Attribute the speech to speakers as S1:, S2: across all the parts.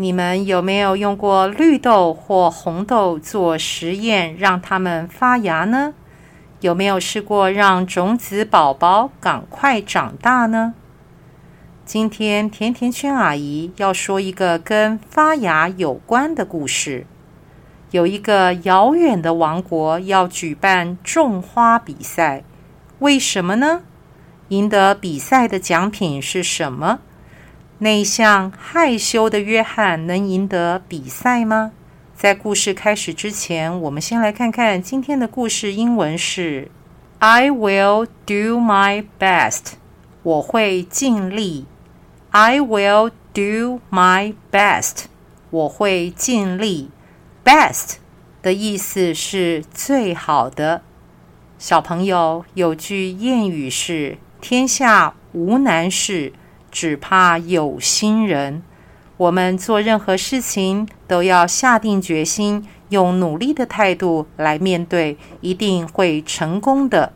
S1: 你們有沒有用過綠豆或紅豆做實驗，讓它們發芽呢？有沒有試過讓種子寶寶趕快長大呢？今天甜甜圈阿姨要說一個跟發芽有關的故事。有一個遙遠的王國要舉辦種花比賽，為什麼呢？贏得比賽的獎品是什麼？內向害羞的約翰能贏得比賽嗎？在故事開始之前，我們先來看看今天的故事。英文是 "I will do my best"，我會盡力。"I will do my best"，我會盡力。"Best" 的意思是最好的。小朋友，有句諺語是天下無難事。只怕有心人。我們做任何事情都要下定決心，用努力的態度來面對，一定會成功的。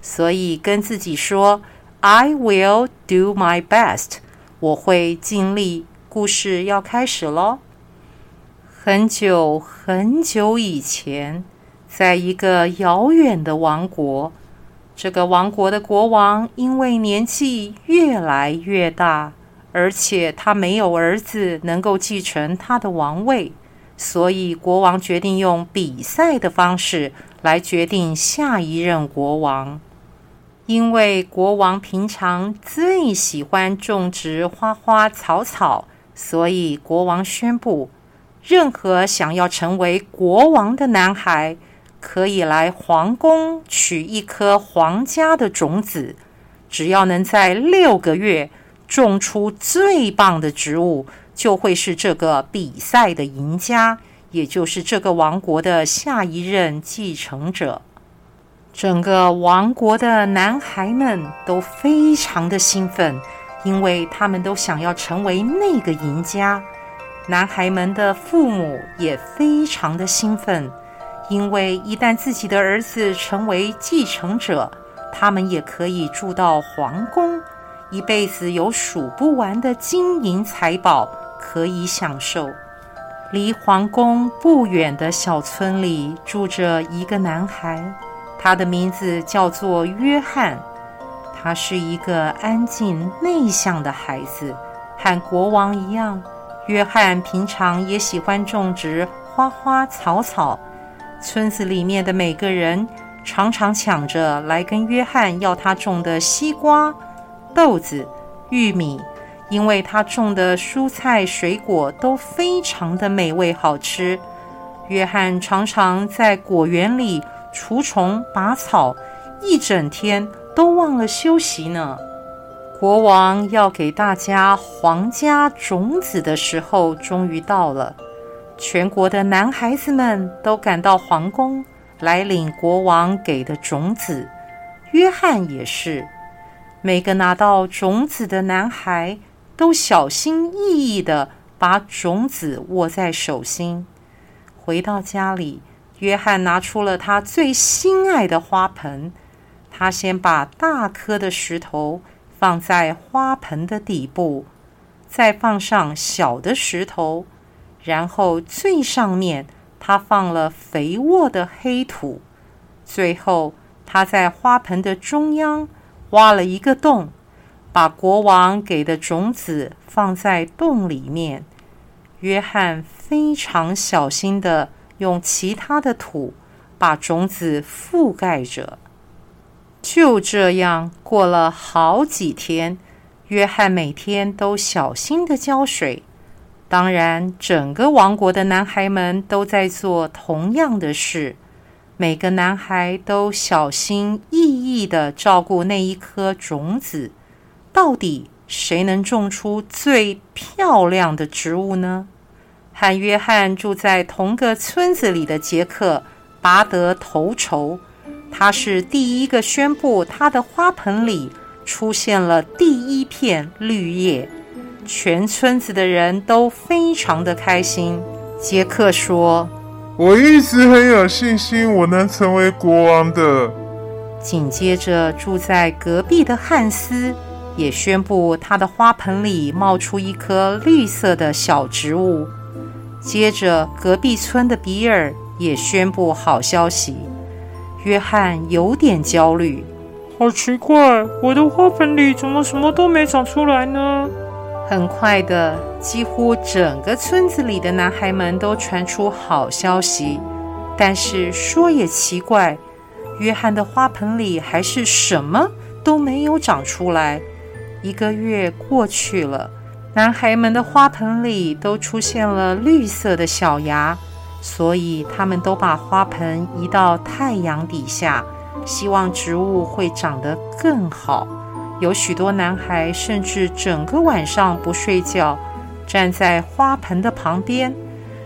S1: 所以跟自己說：“I will do my best。”我會盡力。故事要開始咯。很久很久以前，在一個遙遠的王國。這個王國的國王因為年紀越來越大，而且他沒有兒子能夠繼承他的王位，所以國王決定用比賽的方式來決定下一任國王。因為國王平常最喜歡種植花花草草，所以國王宣布，任何想要成為國王的男孩。可以來皇宮取一顆皇家的種子，只要能在六個月種出最棒的植物，就會是這個比賽的贏家，也就是這個王國的下一任繼承者。整個王國的男孩們都非常的興奮，因為他們都想要成為那個贏家。男孩們的父母也非常的興奮。因為一旦自己的兒子成為繼承者，他們也可以住到皇宮，一輩子有數不完的金銀財寶可以享受。離皇宮不遠的小村裡住着一個男孩，他的名字叫做約翰，他是一個安靜內向的孩子，和國王一樣，約翰平常也喜歡種植花花草草。村子裡面的每個人常常搶着來跟約翰要他種的西瓜、豆子、玉米，因為他種的蔬菜水果都非常的美味好吃。約翰常常在果園裡除蟲、拔草，一整天都忘了休息呢。國王要給大家皇家種子的時候終於到了。全國的男孩子們都趕到皇宮來領國王給的種子，約翰也是。每個拿到種子的男孩都小心翼翼地把種子握在手心。回到家裡，約翰拿出了他最心愛的花盆。他先把大顆的石頭放在花盆的底部，再放上小的石頭。然後最上面，他放了肥沃的黑土。最後，他在花盆的中央挖了一個洞，把國王給的種子放在洞裡面。約翰非常小心的用其他的土把種子覆蓋着。就這樣過了好幾天，約翰每天都小心的澆水。當然，整個王國的男孩們都在做同樣的事。每個男孩都小心翼翼地照顧那一顆種子。到底誰能種出最漂亮的植物呢？和約翰住在同個村子裡的傑克拔得頭籌。他是第一個宣布他的花盆裡出現了第一片綠葉。全村子的人都非常的開心。傑克說：“我一直很有信心，我能成為國王的。”緊接着，住在隔壁的漢斯也宣布他的花盆裡冒出一棵綠色的小植物。接着，隔壁村的比爾也宣布好消息。約翰有點焦慮：“好奇怪，我的花盆裡怎麼什麼都沒長出來呢？”很快的，幾乎整個村子裡的男孩們都傳出好消息。但是說也奇怪，約翰的花盆裡還是什麼都沒有長出來。一個月過去了，男孩們的花盆裡都出現了綠色的小芽，所以他們都把花盆移到太陽底下，希望植物會長得更好。有許多男孩甚至整個晚上不睡覺，站在花盆的旁邊，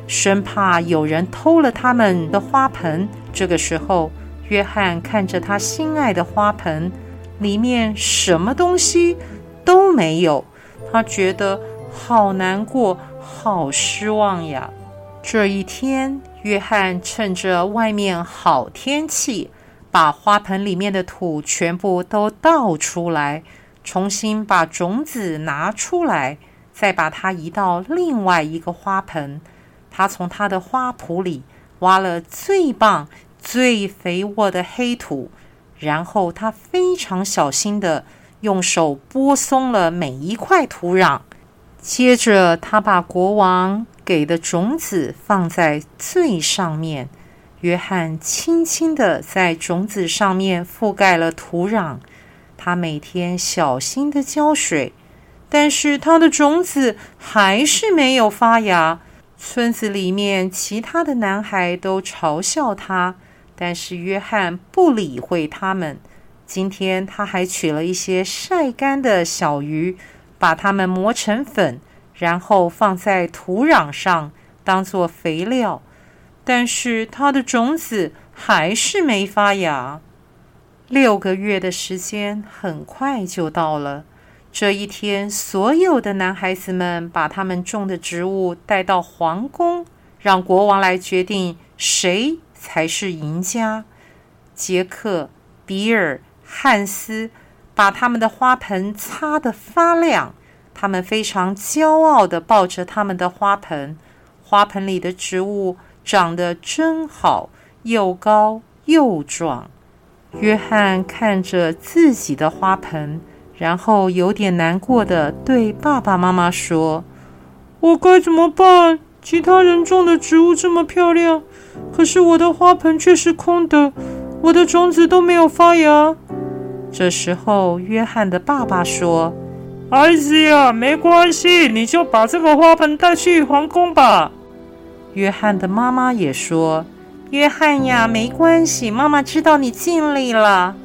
S1: 生怕有人偷了他們的花盆。這個時候，約翰看着他心愛的花盆，裡面什麼東西都沒有，他覺得好難過，好失望呀。這一天，約翰趁着外面好天氣。把花盆裡面的土全部都倒出來，重新把種子拿出來，再把它移到另外一個花盆。他從他的花圃裡挖了最棒、最肥沃的黑土，然後他非常小心地用手撥鬆了每一塊土壤。接着，他把國王給的種子放在最上面。約翰輕輕地在種子上面覆蓋了土壤，他每天小心地澆水，但是他的種子還是沒有發芽。村子裡面其他的男孩都嘲笑他，但是約翰不理會他們。今天他還取了一些曬乾的小魚，把它們磨成粉，然後放在土壤上當做肥料。但是它的種子還是沒發芽。六個月的時間很快就到了，這一天，所有的男孩子們把他們種的植物帶到皇宮，讓國王來決定誰才是贏家。杰克、比爾、漢斯把他們的花盆擦得發亮，他們非常驕傲地抱着他們的花盆，花盆裡的植物。長得真好，又高又壯。約翰看着自己的花盆，然後有點難過的對爸爸媽媽說：“我該怎麼辦？其他人種的植物這麼漂亮，可是我的花盆卻是空的，我的種子都沒有發芽。”這時候，約翰的爸爸說：“兒子呀，沒關係，你就把這個花盆帶去皇宮吧。”約翰的媽媽也說：“約翰呀，沒關係，媽媽知道你盡力了。”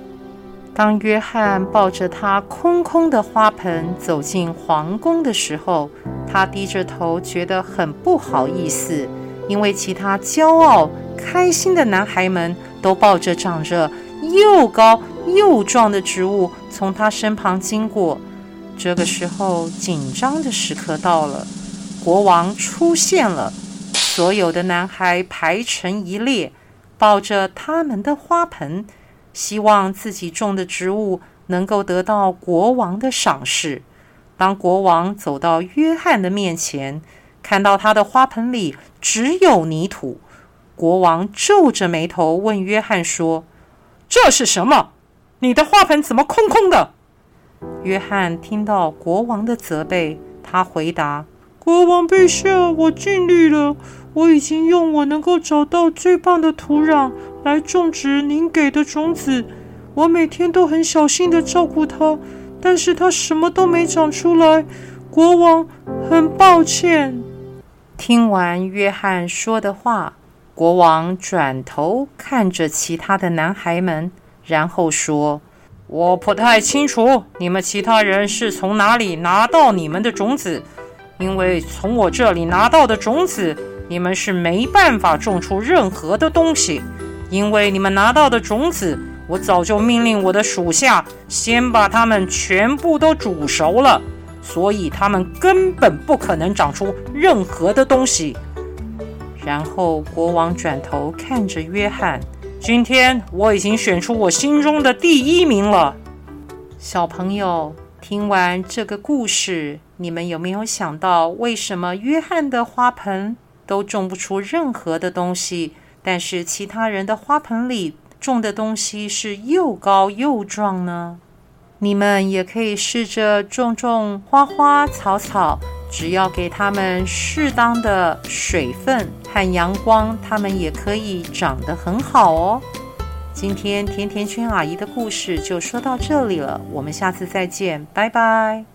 S1: 當約翰抱着他空空的花盆走進皇宮的時候，他低着頭，覺得很不好意思，因為其他驕傲、開心的男孩們都抱着長着又高又壯的植物從他身旁經過。這個時候，緊張的時刻到了，國王出現了。所有的男孩排成一列，抱着他們的花盆，希望自己種的植物能夠得到國王的賞識。當國王走到約翰的面前，看到他的花盆裡只有泥土，國王皺着眉頭問約翰說：“這是什麼？你的花盆怎麼空空的？”約翰聽到國王的責備，他回答，國王陛下，我盡力了。我已經用我能夠找到最棒的土壤來種植您給的種子，我每天都很小心地照顧它，但是它什麼都沒長出來。國王，很抱歉。聽完約翰說的話，國王轉頭看着其他的男孩們，然後說：“我不太清楚你們其他人是從哪裡拿到你們的種子。”因為從我這裡拿到的種子，你們是沒辦法種出任何的東西。因為你們拿到的種子，我早就命令我的屬下先把它們全部都煮熟了，所以它們根本不可能長出任何的東西。然後國王轉頭看着約翰：“今天我已經選出我心中的第一名了。”小朋友，聽完這個故事。你們有沒有想到，為什麼約翰的花盆都種不出任何的東西，但是其他人的花盆裡種的東西是又高又壯呢？你們也可以試着種種花花草草，只要給它們適當的水分和陽光，它們也可以長得很好哦。今天甜甜圈阿姨的故事就說到這裡了，我們下次再見，拜拜。